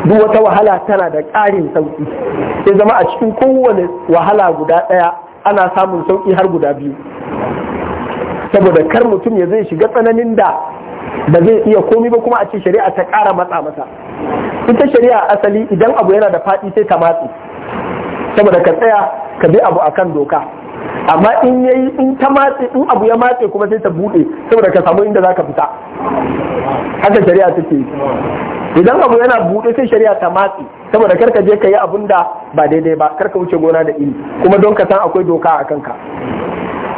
duk wata wahala tana da ƙarin sauki sai zama a cikin kowane wahala guda ɗaya ana samun sauki har guda biyu saboda kar mutum ya zai shiga tsananin da ba zai iya komi ba kuma a ce shari'a ta ƙara matsa masa ita shari'a asali idan abu yana da faɗi sai ta matsi saboda ka tsaya ka bi abu akan doka amma in yayi in ta matse in abu ya matse kuma sai ta bude saboda ka samu inda zaka fita haka shari'a take idan abu yana bude sai shari'a ta matse saboda kar ka je ka yi abun da ba daidai ba kar ka wuce gona da iri kuma don ka san akwai doka a kanka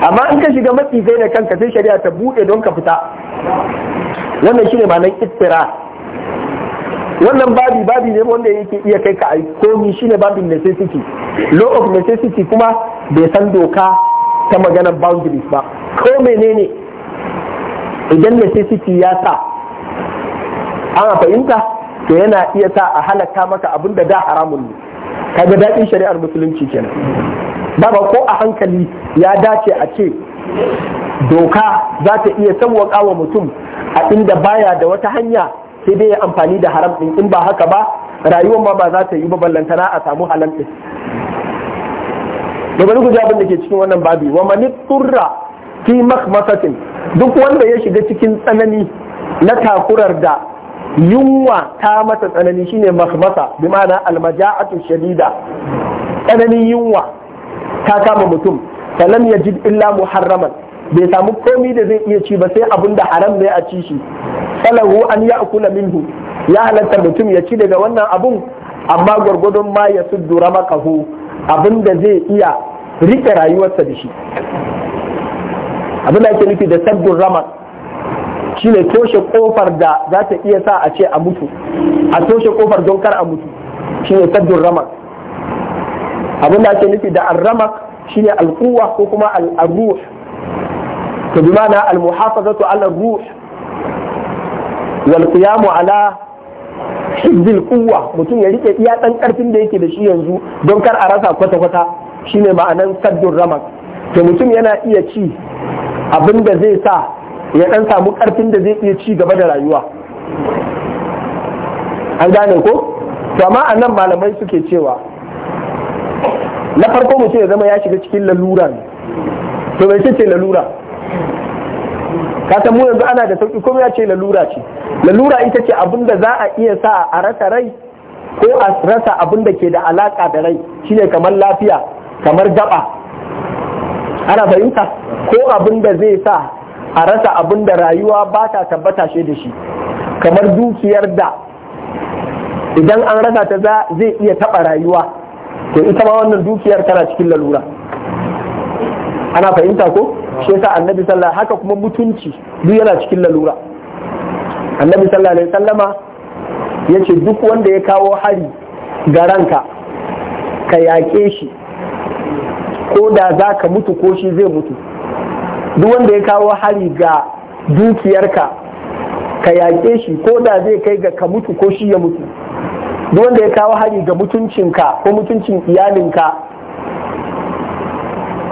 amma in ka shiga matsi da kanka sai shari'a ta buɗe don ka fita wannan shi ma nan ittira wannan babi babi ne wanda yake iya kai ka aiki komi ne babin necessity law of necessity kuma bai san doka ta maganar boundaries ba ko menene idan necessity ya sa ana fahimta to yana iya sa a halaka maka abin da da haramun ne kaga daɗin shari'ar musulunci kenan Baba ko a hankali ya dace a ce doka za ta iya sauwaƙa wa mutum a inda baya da wata hanya sai dai ya amfani da haram ɗin in ba haka ba rayuwar ma ba za ta yi ba ballantana a samu halal ɗin daga abin da ke cikin wannan babi wa mani turra fi makhmasatin duk wanda ya shiga cikin tsanani na takurar da yunwa ta masa tsanani shine makhmasa bi ma'ana almaja'atu shadida tsananin yunwa ta kama mutum ya jid illa muharraman bai samu komi da zai iya ci ba sai abun da haram ne a ci shi falahu an ya'kula minhu ya halatta mutum ya ci daga wannan abun amma gwargwadon ma ya suddu ramakahu abin da zai iya rike rayuwarsa da shi abin da ake nufi da saddu ramak shine toshe kofar da za ta iya sa a ce a mutu a toshe kofar don kar a mutu shine saddu ramak abin da ake nufi da arramak shine alquwa ko kuma al-ruh to bi ma'ana al-muhafazatu ruh wal qiyamu ala hizbil kuwa mutum ya rike iya ɗan karfin da yake da shi yanzu don kar a rasa kwata kwata shine ma'anan saddur ramak to mutum yana iya ci abin da zai sa ya dan samu karfin da zai iya ci gaba da rayuwa an gane ko to amma anan malamai suke cewa na farko mutum ya zama ya shiga cikin lalura ne to bai ce lalura ka san mu yanzu ana da sauki kuma ya ce lalura ce lalura ita ce abin da za a iya sa a rasa rai ko a rasa abin da ke da alaƙa da rai shine kamar lafiya kamar gaba ana fahimta ko abin da zai sa a rasa abin da rayuwa ba ta tabbata shi da shi kamar dukiyar da idan an rasa ta za zai iya taɓa rayuwa to ita ma wannan dukiyar tana cikin lalura ana fahimta ko ah. shi yasa annabi sallallahu haka kuma mutunci duk yana cikin lalura annabi sallallahu alaihi sallama yace duk wanda ya kawo hari ga ranka ka yake shi ko da za mutu ko shi zai mutu duk wanda ya kawo hari ga dukiyarka ka yake shi ko da zai kai ga ka mutu ko shi ya mutu duk wanda ya kawo hari ga mutuncinka ko mutuncin iyalinka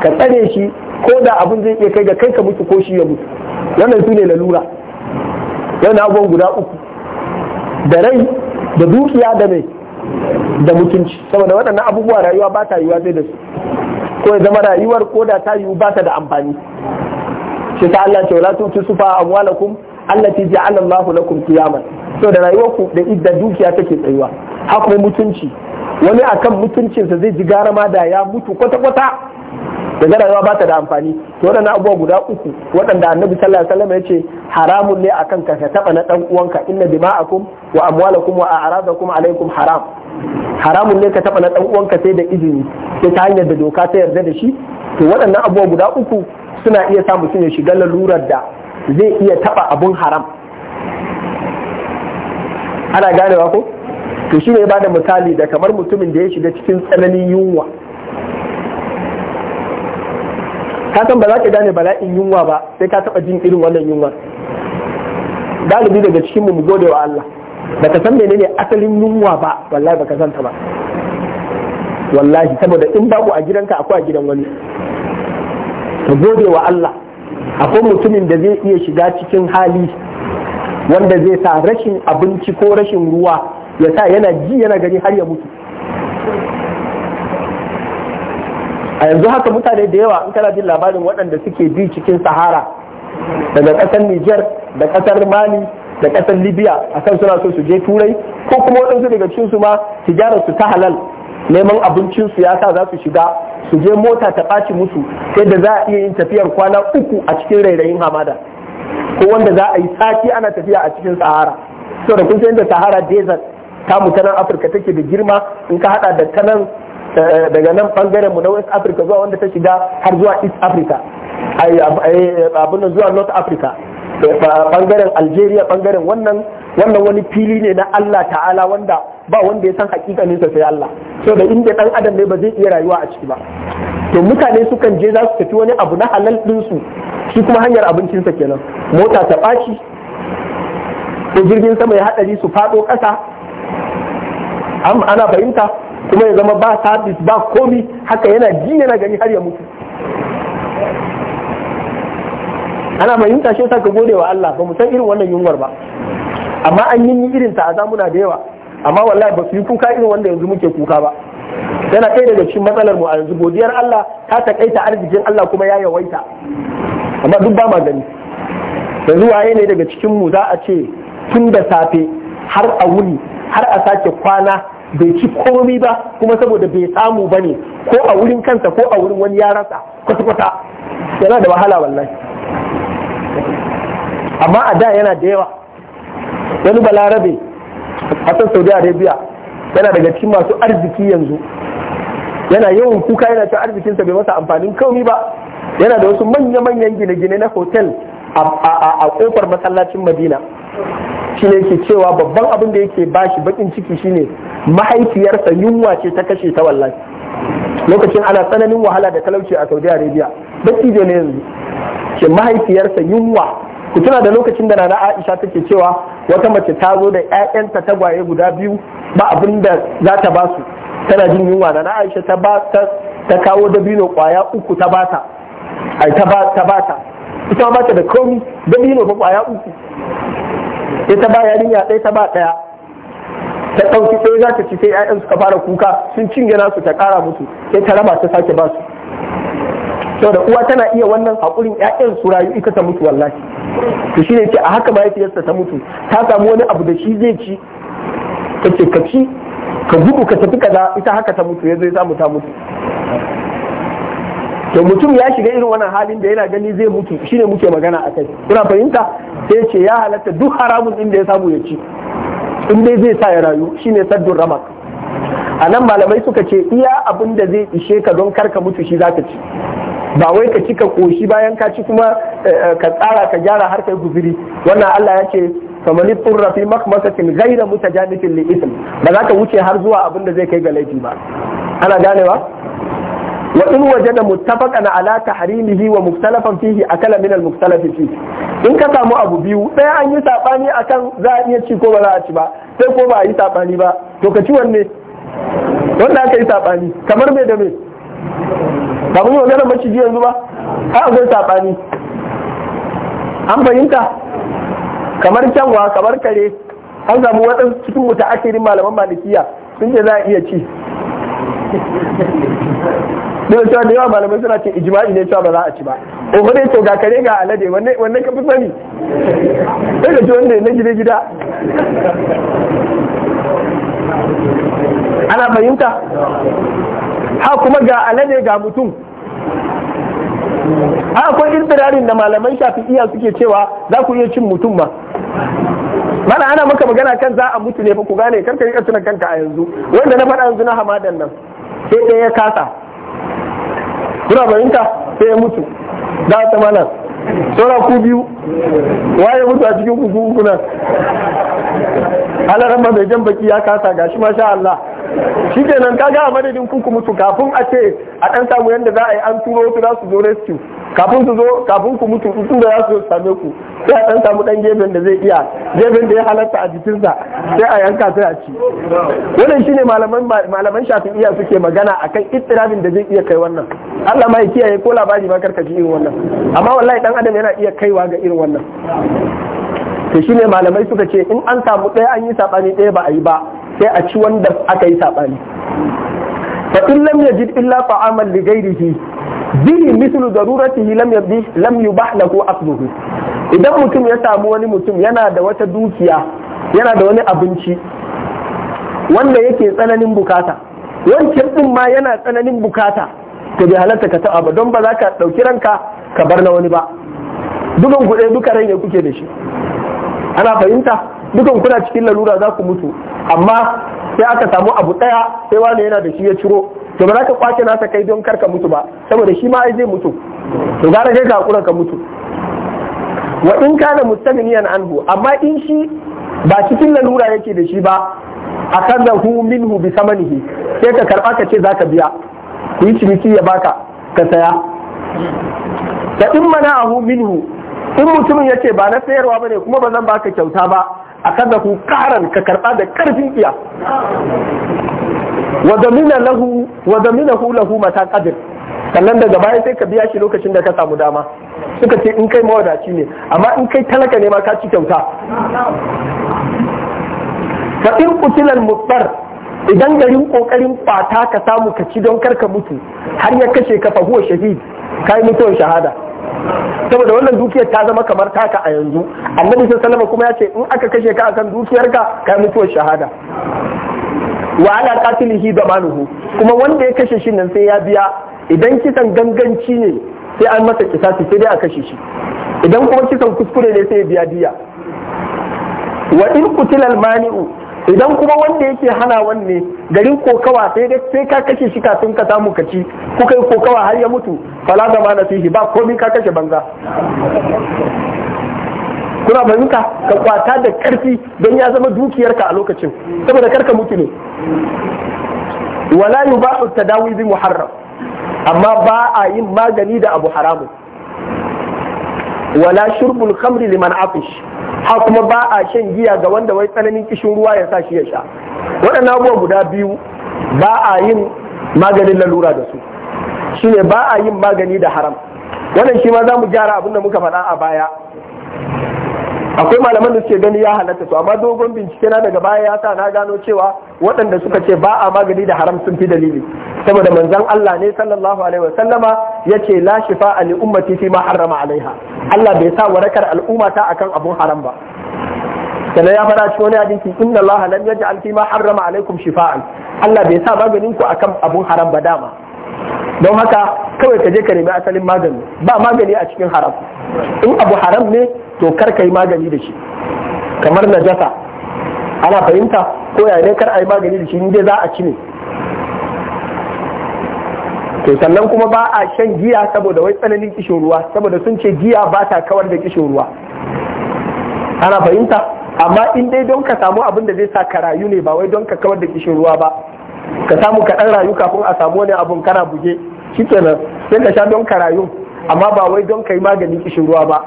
ka tsare shi ko da abin zai iya kai ga kai ka mutu ko shi ya mutu wannan su ne lalura yau na abubuwan guda uku da rai da dukiya da mai da mutunci saboda waɗannan abubuwa rayuwa ba ta yiwuwa zai da su ko ya zama rayuwar ko da ta yiwu ba ta da amfani shi ta Allah ce wala tutu sufa amwalakum allati ja'ala Allah lakum qiyaman so da rayuwar ku da idda dukiya take tsayuwa akwai mutunci wani akan mutuncinsa zai ji gara ma da ya mutu kwata-kwata daga rayuwa ba ta da amfani to waɗannan abubuwa guda uku waɗanda annabi sallallahu alaihi wasallam ya ce haramun ne akan ka ka taɓa na ɗan uwanka inna dima'akum wa amwalakum wa a'radakum alaikum haram haramun ne ka taɓa na ɗan uwanka sai da izini sai ta hanyar da doka ta yarda da shi to waɗannan abubuwa guda uku suna iya sa mutum ya shiga lalurar da zai iya taɓa abun haram ana ganewa ko to shi ne ba da misali da kamar mutumin da ya shiga cikin tsananin yunwa ka san ba za ka gane bala'in yunwa ba sai ka taba jin irin wannan yunwa galibi daga cikin mu gode wa Allah baka san menene asalin yunwa ba wallahi ba ka san ta ba wallahi saboda in babu a gidanka akwai a gidan wani ka gode wa Allah akwai mutumin da zai iya shiga cikin hali wanda zai sa rashin abinci ko rashin ruwa ya sa yana ji yana gani har ya mutu a yanzu haka mutane da yawa in kana jin labarin waɗanda suke bi cikin sahara daga ƙasar Niger da ƙasar Mali da ƙasar Libya a kan suna so su je turai ko kuma waɗansu daga cikin su ma su ta halal neman abincinsu ya sa za su shiga su je mota ta ɓaci musu sai da za a iya yin tafiyar kwana uku a cikin rairayin hamada ko wanda za a yi sati ana tafiya a cikin sahara saboda kun san da sahara desert tamu ta nan afirka take da girma in ka hada da ta nan eh, daga nan bangaren mu na west africa zuwa wanda ta shiga har zuwa east africa abin zuwa north africa eh, bangaren algeria bangaren wannan wannan wani fili ne na allah ta'ala wanda ba wanda ya san hakikanin sa sai allah so da inda dan adam ne ba zai iya rayuwa a ciki ba to mutane sukan je za su tafi wani abu na halal su shi kuma hanyar abincinsa kenan mota ta ɓaci ko jirgin sama ya haɗari su faɗo ƙasa ana fahimta kuma ya zama ba sabis ba komi haka yana ji yana gani har ya mutu ana fahimta shi yasa gode wa Allah ba mu san irin wannan yunwar ba amma an yi irin ta a zamuna da yawa amma wallahi ba su yi kuka irin wanda yanzu muke kuka ba yana kai daga cikin matsalar mu a yanzu godiyar Allah ta takaita arzikin Allah kuma ya yawaita amma duk ba ma gani yanzu waye ne daga cikin mu za a ce tun da safe har a wuni har a sake kwana bai ci komi ba kuma saboda bai samu ba ne ko a wurin kansa ko a wurin wani ya rasa kwata-kwata yana da wahala wallahi amma a da yana da yawa wani balarabe a san saudi arabia yana daga cikin masu arziki yanzu yana yawan kuka yana cin arzikinsa bai masa amfanin komi ba yana da wasu manya-manyan gine-gine na hotel a kofar masallacin madina shi ne ke cewa babban abin da yake bashi bakin ciki shi ne. mahaifiyarsa yunwa ce ta kashe ta wallahi lokacin ana tsananin wahala da talauci a saudi arabia baki ne yanzu ke mahaifiyarsa yunwa ku tuna da lokacin da nana aisha take cewa wata mace ta zo da 'ya'yanta tagwaye guda biyu ba abin da za ta ba su tana jin yunwa nana aisha ta kawo dabino kwaya uku ta bata ta bata ita ba ta da komi dalilo ba kwaya uku ita ba yarinya ɗaya ta ba ɗaya ta ɗauki ɗaya za ta ci sai 'ya'yan suka fara kuka sun cinye nasu ta ƙara musu sai ta raba ta sake ba su saboda uwa tana iya wannan haƙurin 'ya'yan su rayu ita ta mutu wallahi to shine ce a haka mahaifiyarsa ta mutu ta samu wani abu da shi zai ci ta ce ka ci ka gudu ka tafi kaza ita haka ta mutu ya ya samu ta mutu to mutum ya shiga irin wannan halin da yana gani zai mutu shine muke magana akai, kai kuna fahimta sai ce ya halatta duk haramun inda ya samu ya ci in dai zai sa ya rayu shine saddun ramak a nan malamai suka ce iya abin da zai ishe ka don ka mutu shi zaka ci ba wai ka ci ka koshi bayan ka ci kuma eh, eh, ka tsara ka gyara har kai guziri wannan Allah ya ce kamar turra fi makmasatin ghayra mutajanifin li ism ba za ka wuce har zuwa abin da zai kai ga laifi ba ana ganewa wa in wajada muttafaqan ala tahrimihi wa muftalafan fihi akala min al muftalaf fihi in ka samu abu biyu ɗaya an yi sabani akan za a iya ci ko ba za a ci ba sai ko ba a yi sabani ba to ka ci wanne wanda aka yi sabani kamar me da me ba mun magana maciji yanzu ba a akwai sabani an fahimta kamar kyanwa kamar kare an samu waɗansu cikin mutu malaman malikiya sun ce za a iya ci don cewa da yawa malamai suna ce ijma'i ne cewa ba za a ci ba oho ne to ga kare ga alade wannan ka fi sani sai ka ci wanda na gida gida ana fahimta ha kuma ga alade ga mutum ha akwai istirarin da malaman iya suke cewa za ku iya cin mutum ma mana ana maka magana kan za a mutu ne fa ku gane karka yi kanka a yanzu wanda na faɗa yanzu na hamadan nan sai ɗaya ya kasa kuna bayinta sai ya mutu da ta malam saura ku biyu waye mutu a cikin kuku kuna alaran mai jan baki ya kasa ga shi masha Allah shi kenan kaga a madadin kuku mutu kafin a ce a ɗan samu yadda za a yi an turo su za su zo rescue kafin su zo kafin ku mutu su da za su same ku sai a ɗan samu ɗan gefen da zai iya gefen da ya halatta a jikinsa sai a yanka sai a ci wannan shine malaman shafin iya suke magana akan ittirabin da zai iya kai wannan Allah ma kiyaye ko labari ma karka ji irin wannan amma wallahi dan adam yana iya kaiwa ga irin wannan to shine malamai suka ce in an samu ɗaya an yi sabani ɗaya ba a yi ba sai a ci wanda aka yi saɓani fa in ya yajid illa ta'aman li da bihi mislu daruratihi lam yabdi lam yubah lahu aqduhu idan mutum ya samu wani mutum yana da wata dukiya yana da wani abinci wanda yake tsananin bukata wancan ɗin ma yana tsananin bukata Ka bi halarta ka taɓa ba don ba za ka ɗauki ranka ka bar na wani ba dukan kuɗe duka rai ne kuke da shi ana fahimta dukan kuna cikin lalura za ku mutu amma sai aka samu abu daya sai wani yana da shi ya ciro to ba za ka kwace nasa kai don karka mutu ba saboda shi ma ai zai mutu to gara kai ka hakura ka mutu wa in kana mustaminiyan anhu amma in shi ba cikin lalura yake da shi ba hu minhu bi samanihi sai ka karba ka ce za ka biya ku yi ciniki ya baka ka saya fa in mana'ahu minhu in mutumin yace ba na sayarwa bane kuma ba zan baka kyauta ba akadahu ƙaran ka karba da karfin iya wa damina lahu hu lahu mata kadir sannan daga baya sai ka biya shi lokacin da ka samu dama suka ce in kai mawadaci ne amma in kai talaka ne ma ka ci kyauta fa in qutilal muttar idan garin kokarin kwata ka samu ka ci don karka mutu har ya kashe ka fahuwa huwa shahid kai mutuwar shahada saboda wannan dukiyar ta zama kamar taka a yanzu annabi sallallahu kuma ya ce in aka kashe ka akan dukiyarka kai mutuwar shahada wa ala qatilihi damanuhu kuma wanda ya kashe shi nan sai ya biya idan kisan ganganci ne sai an masa kisasi sai dai a kashe shi idan kuma kisan kuskure ne sai ya biya diya wa in qutila maniu idan kuma wanda yake hana wanne garin kokawa sai dai sai ka kashe shi kafin ka samu kaci kuka yi kokawa har ya mutu fala da ma fihi ba komai ka kashe banza kuna fahimta ka kwata da karfi don ya zama dukiyarka a lokacin saboda karka mutu ne wala yuba'u tadawi bi muharram amma ba a yin magani da abu haramun wala shurbul khamri liman afish ha kuma ba a shan giya ga wanda wai tsananin kishin ruwa ya sa shi ya sha waɗannan abubuwan guda biyu ba a yin maganin lalura da su Shi ne ba a yin magani da haram wannan shi ma za mu gyara abin da muka faɗa a baya akwai malaman da suke gani ya halatta to amma dogon bincike na daga baya ya sa na gano cewa waɗanda suka ce ba a magani da haram sun fi dalili saboda manzon Allah ne sallallahu alaihi wasallama yace la shifa li ummati fi ma harrama alaiha Allah bai sa warakar al'umma ta akan abun haram ba sannan ya fara cikin wani hadisi inna Allah lam yaj'al fi ma harrama alaikum shifa'an Allah bai sa maganin ku akan abun haram ba dama don haka kawai ka je ka nemi asalin magani ba magani a cikin haram in abu haram ne to kar ka yi magani da shi kamar na najasa ana fahimta ko ya ne kar a yi magani da shi in za a ci ne to sannan kuma ba a shan giya saboda wai tsananin kishin ruwa saboda sun ce giya ba ta kawar da kishin ruwa ana fahimta amma in dai don ka samu abin da zai sa ka rayu ne ba wai don ka kawar da kishin ruwa ba ka samu ka rayu kafin a samu wani abun kana buge shikenan sai ka sha don ka rayu amma ba wai don ka yi maganin kishin ruwa ba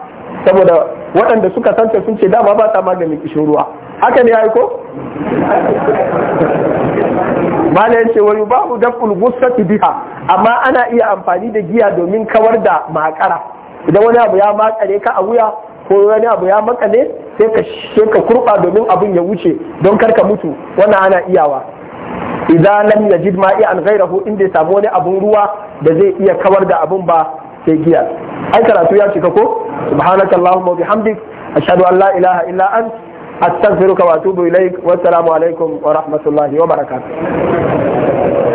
saboda waɗanda suka santa sun ce dama ba ta maganin kishin ruwa haka ne aiko ko mala yace wa yubahu daful ghussati biha amma ana iya amfani da giya domin kawar da makara idan wani abu ya makare ka a wuya ko wani abu ya makale sai ka sai ka kurba domin abun ya wuce don kar ka mutu wannan ana iyawa idan lam yajid ma'i an ghairahu inda samu wani abun ruwa da zai iya kawar da abun ba sai giya ai karatu ya cika ko subhanaka allahumma wa bihamdik ashhadu an la ilaha illa ant astaghfiruka wa atubu ilaik wa assalamu alaikum wa rahmatullahi wa barakatuh